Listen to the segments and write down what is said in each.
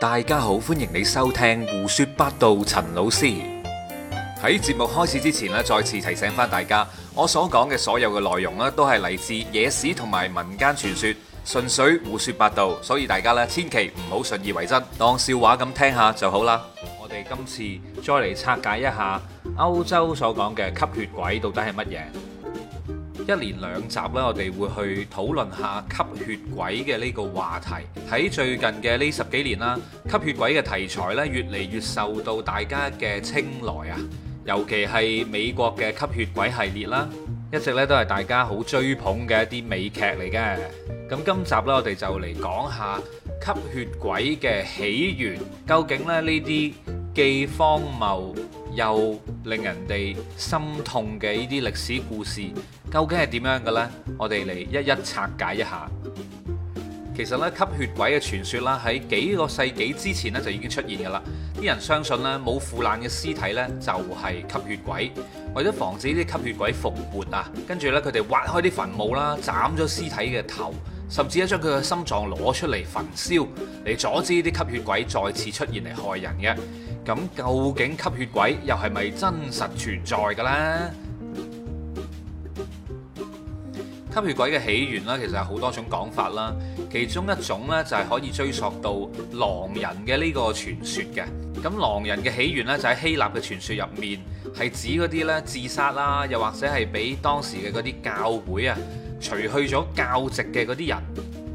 大家好，歡迎你收聽胡說八道。陳老師喺節目開始之前咧，再次提醒返大家，我所講嘅所有嘅內容咧，都係嚟自野史同埋民間傳說，純粹胡說八道，所以大家咧千祈唔好信以為真，當笑話咁聽下就好啦。我哋今次再嚟拆解一下歐洲所講嘅吸血鬼到底係乜嘢。一連兩集咧，我哋會去討論下吸血鬼嘅呢個話題。喺最近嘅呢十幾年啦，吸血鬼嘅題材咧越嚟越受到大家嘅青睞啊！尤其係美國嘅吸血鬼系列啦，一直咧都係大家好追捧嘅一啲美劇嚟嘅。咁今集咧，我哋就嚟講下吸血鬼嘅起源，究竟咧呢啲既荒謬，又令人哋心痛嘅呢啲歷史故事，究竟係點樣嘅呢？我哋嚟一一拆解一下。其實咧吸血鬼嘅傳說啦，喺幾個世紀之前呢，就已經出現㗎啦。啲人相信咧冇腐爛嘅屍體呢，就係吸血鬼。為咗防止啲吸血鬼復活啊，跟住呢，佢哋挖開啲墳墓啦，斬咗屍體嘅頭。甚至一將佢嘅心臟攞出嚟焚燒，嚟阻止啲吸血鬼再次出現嚟害人嘅。咁究竟吸血鬼又係咪真實存在嘅呢？吸血鬼嘅起源啦，其實係好多種講法啦。其中一種呢，就係可以追溯到狼人嘅呢個傳說嘅。咁狼人嘅起源呢，就喺希臘嘅傳說入面，係指嗰啲呢自殺啦，又或者係俾當時嘅嗰啲教會啊。除去咗教籍嘅嗰啲人，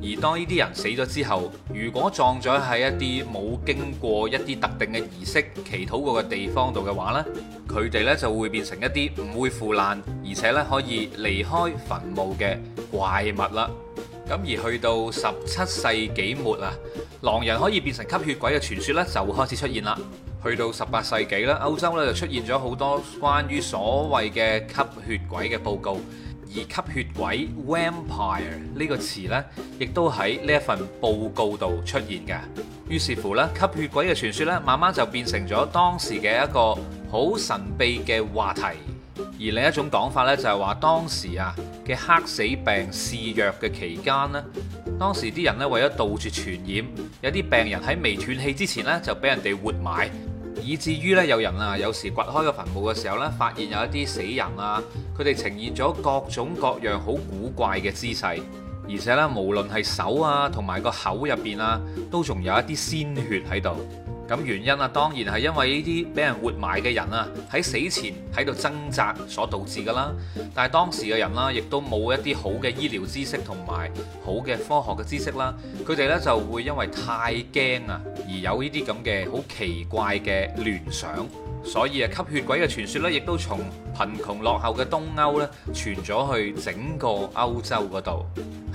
而當呢啲人死咗之後，如果葬咗喺一啲冇經過一啲特定嘅儀式、祈禱過嘅地方度嘅話呢，佢哋呢就會變成一啲唔會腐爛，而且呢可以離開墳墓嘅怪物啦。咁而去到十七世紀末啊，狼人可以變成吸血鬼嘅傳說呢就開始出現啦。去到十八世紀啦，歐洲呢就出現咗好多關於所謂嘅吸血鬼嘅報告。而吸血鬼 vampire 呢個詞呢，亦都喺呢一份報告度出現嘅。於是乎咧，吸血鬼嘅傳說呢，慢慢就變成咗當時嘅一個好神秘嘅話題。而另一種講法呢，就係話當時啊嘅黑死病肆虐嘅期間呢，當時啲人呢，為咗杜絕傳染，有啲病人喺未斷氣之前呢，就俾人哋活埋。以至於咧，有人啊，有時掘開個墳墓嘅時候咧，發現有一啲死人啊，佢哋呈現咗各種各樣好古怪嘅姿勢，而且咧，無論係手啊，同埋個口入邊啊，都仲有一啲鮮血喺度。咁原因啊，當然係因為呢啲俾人活埋嘅人啊，喺死前喺度掙扎所導致㗎啦。但係當時嘅人啦，亦都冇一啲好嘅醫療知識同埋好嘅科學嘅知識啦，佢哋呢就會因為太驚啊，而有呢啲咁嘅好奇怪嘅聯想，所以啊吸血鬼嘅傳說呢，亦都從貧窮落後嘅東歐呢傳咗去整個歐洲嗰度。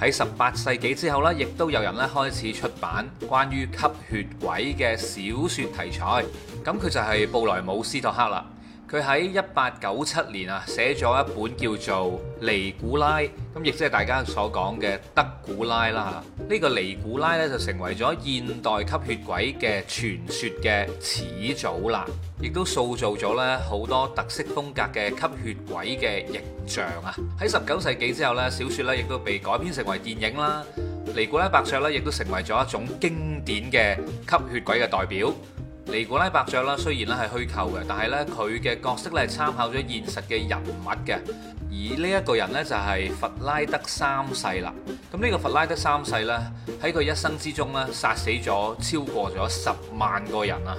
喺十八世紀之後呢，亦都有人咧開始出版關於吸血鬼嘅小說題材，咁佢就係布萊姆斯托克啦。佢喺一八九七年啊，寫咗一本叫做《尼古拉》，咁亦即係大家所講嘅《德古拉》啦、這、呢個尼古拉咧就成為咗現代吸血鬼嘅傳說嘅始祖啦，亦都塑造咗咧好多特色風格嘅吸血鬼嘅形象啊。喺十九世紀之後呢，小說咧亦都被改編成為電影啦，《尼古拉伯爵》咧亦都成為咗一種經典嘅吸血鬼嘅代表。尼古拉伯爵啦，雖然咧係虛構嘅，但係咧佢嘅角色咧係參考咗現實嘅人物嘅。而呢一個人咧就係弗拉德三世啦。咁呢個弗拉德三世咧喺佢一生之中咧殺死咗超過咗十萬個人啊！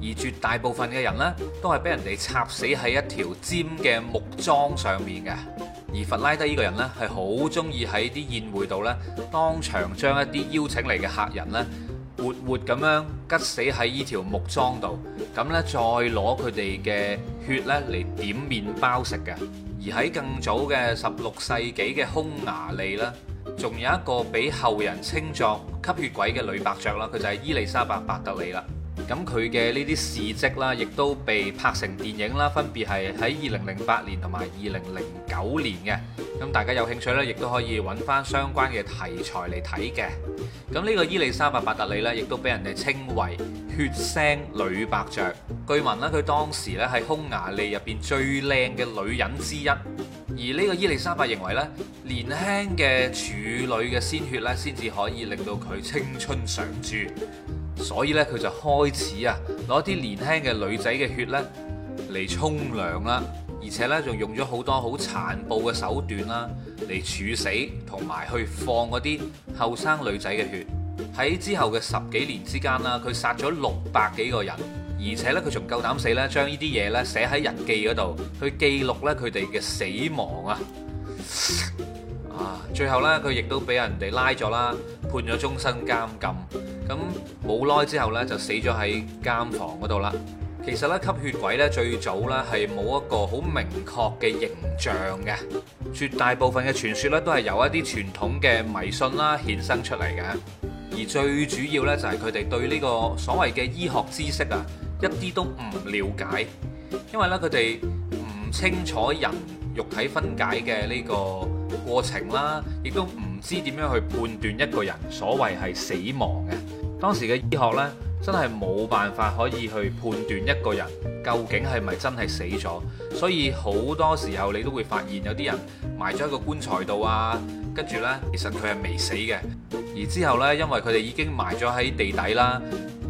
而絕大部分嘅人呢，都係俾人哋插死喺一條尖嘅木樁上面嘅。而弗拉德呢個人呢，係好中意喺啲宴會度呢，當場將一啲邀請嚟嘅客人呢。活活咁樣吉死喺依條木樁度，咁呢再攞佢哋嘅血呢嚟點麵包食嘅。而喺更早嘅十六世紀嘅匈牙利啦，仲有一個俾後人稱作吸血鬼嘅女伯爵啦，佢就係伊麗莎白伯德利啦。咁佢嘅呢啲事蹟啦，亦都被拍成電影啦，分別係喺二零零八年同埋二零零九年嘅。咁大家有興趣呢，亦都可以揾翻相關嘅題材嚟睇嘅。咁呢個伊麗莎白八特里呢，亦都俾人哋稱為血腥女伯爵。據聞呢，佢當時咧係匈牙利入邊最靚嘅女人之一。而呢個伊麗莎白認為呢，年輕嘅處女嘅鮮血呢，先至可以令到佢青春常駐。所以呢，佢就開始啊，攞啲年輕嘅女仔嘅血呢，嚟沖涼啦。而且咧，仲用咗好多好殘暴嘅手段啦，嚟處死同埋去放嗰啲後生女仔嘅血。喺之後嘅十幾年之間啦，佢殺咗六百幾個人，而且咧佢仲夠膽死咧，將呢啲嘢咧寫喺日記嗰度，去記錄咧佢哋嘅死亡啊！啊，最後咧佢亦都俾人哋拉咗啦，判咗終身監禁。咁冇耐之後咧，就死咗喺監房嗰度啦。其實咧吸血鬼咧最早咧係冇一個好明確嘅形象嘅，絕大部分嘅傳說咧都係由一啲傳統嘅迷信啦衍生出嚟嘅，而最主要呢，就係佢哋對呢個所謂嘅醫學知識啊一啲都唔了解，因為呢，佢哋唔清楚人肉體分解嘅呢個過程啦，亦都唔知點樣去判斷一個人所謂係死亡嘅。當時嘅醫學呢，真係冇辦法可以去判斷一個人究竟係咪真係死咗，所以好多時候你都會發現有啲人埋咗喺個棺材度啊，跟住呢，其實佢係未死嘅，而之後呢，因為佢哋已經埋咗喺地底啦，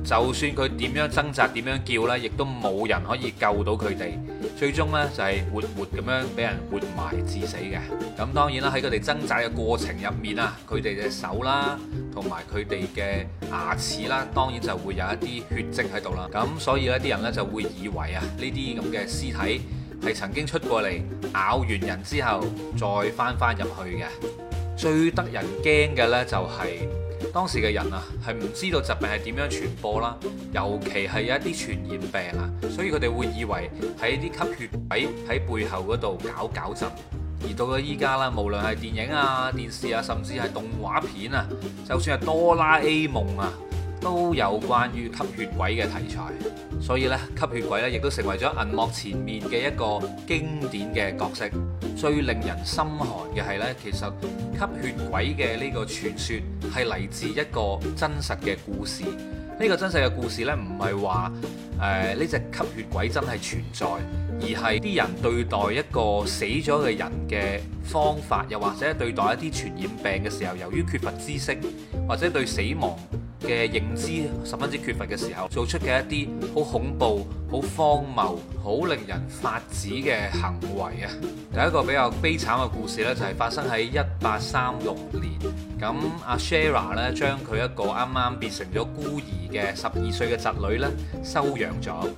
就算佢點樣掙扎、點樣叫呢，亦都冇人可以救到佢哋。最終呢，就係活活咁樣俾人活埋致死嘅。咁當然啦，喺佢哋掙扎嘅過程入面啊，佢哋隻手啦，同埋佢哋嘅牙齒啦，當然就會有一啲血跡喺度啦。咁所以呢啲人呢，就會以為啊，呢啲咁嘅屍體係曾經出過嚟咬完人之後再翻翻入去嘅。最得人驚嘅呢，就係、是。當時嘅人啊，係唔知道疾病係點樣傳播啦，尤其係一啲傳染病啊，所以佢哋會以為喺啲吸血鬼喺背後嗰度搞搞震。而到咗依家啦，無論係電影啊、電視啊，甚至係動畫片啊，就算係哆啦 A 夢啊。都有關於吸血鬼嘅題材，所以咧，吸血鬼咧，亦都成為咗銀幕前面嘅一個經典嘅角色。最令人心寒嘅係咧，其實吸血鬼嘅呢個傳說係嚟自一個真實嘅故事。呢個真實嘅故事呢，唔係話誒呢隻吸血鬼真係存在，而係啲人對待一個死咗嘅人嘅方法，又或者對待一啲傳染病嘅時候，由於缺乏知識或者對死亡嘅認知十分之缺乏嘅時候，做出嘅一啲好恐怖、好荒謬、好令人發指嘅行為啊！第一個比較悲慘嘅故事咧，就係發生喺一八三六年，咁阿 Shera 咧將佢一個啱啱變成咗孤兒嘅十二歲嘅侄女咧，收養咗。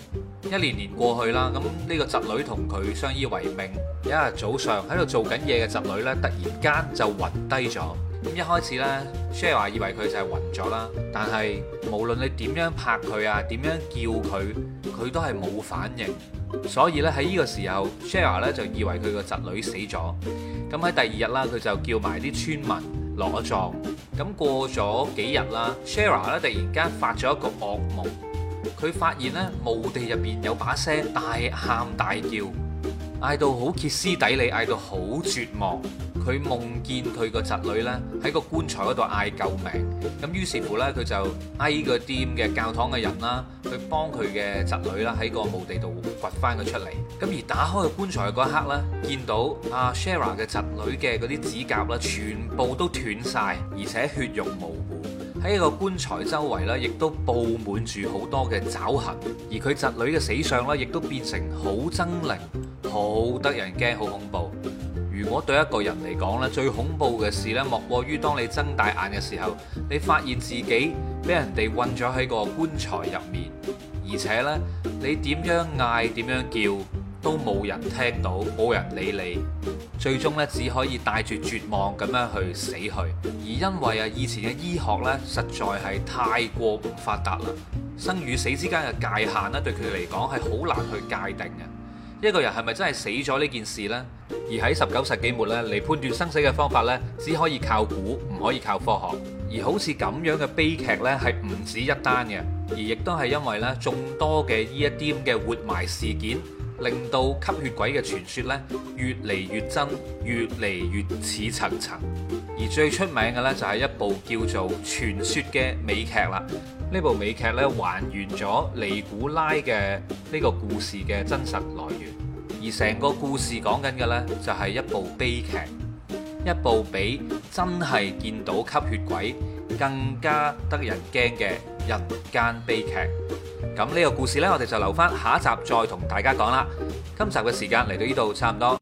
一年年過去啦，咁呢個侄女同佢相依為命。有一日早上喺度做緊嘢嘅侄女咧，突然間就暈低咗。咁一開始呢，Shera 以為佢就係暈咗啦。但係無論你點樣拍佢啊，點樣叫佢，佢都係冇反應。所以咧喺呢個時候，Shera 咧就以為佢個侄女死咗。咁喺第二日啦，佢就叫埋啲村民落葬。咁過咗幾日啦，Shera 咧突然間發咗一個惡夢，佢發現咧墓地入邊有把聲大喊大叫，嗌到好歇斯底裏，嗌到好絕望。佢夢見佢個侄女呢，喺個棺材嗰度嗌救命，咁於是乎呢，佢就嗌個店嘅教堂嘅人啦，去幫佢嘅侄女啦喺個墓地度掘翻佢出嚟。咁而打開個棺材嗰一刻呢，見到阿 Shara 嘅侄女嘅嗰啲指甲呢全部都斷晒，而且血肉模糊，喺個棺材周圍呢，亦都佈滿住好多嘅爪痕，而佢侄女嘅死相呢，亦都變成好猙獰、好得人驚、好恐怖。我對一個人嚟講咧，最恐怖嘅事咧，莫過於當你睜大眼嘅時候，你發現自己俾人哋困咗喺個棺材入面，而且呢，你點樣嗌點樣叫都冇人聽到，冇人理你，最終呢，只可以帶住絕望咁樣去死去。而因為啊，以前嘅醫學呢，實在係太過唔發達啦，生與死之間嘅界限呢，對佢嚟講係好難去界定嘅。呢個人係咪真係死咗呢件事呢？而喺十九世紀末呢，嚟判斷生死嘅方法呢，只可以靠估，唔可以靠科學。而好似咁樣嘅悲劇呢，係唔止一單嘅。而亦都係因為呢眾多嘅呢一啲嘅活埋事件，令到吸血鬼嘅傳說呢越嚟越真，越嚟越似層層。而最出名嘅呢，就係一部叫做《傳說》嘅美劇啦。呢部美劇咧，還原咗尼古拉嘅呢個故事嘅真實來源，而成個故事講緊嘅呢，就係一部悲劇，一部比真係見到吸血鬼更加得人驚嘅人間悲劇。咁呢個故事呢，我哋就留翻下，下一集再同大家講啦。今集嘅時間嚟到呢度差唔多。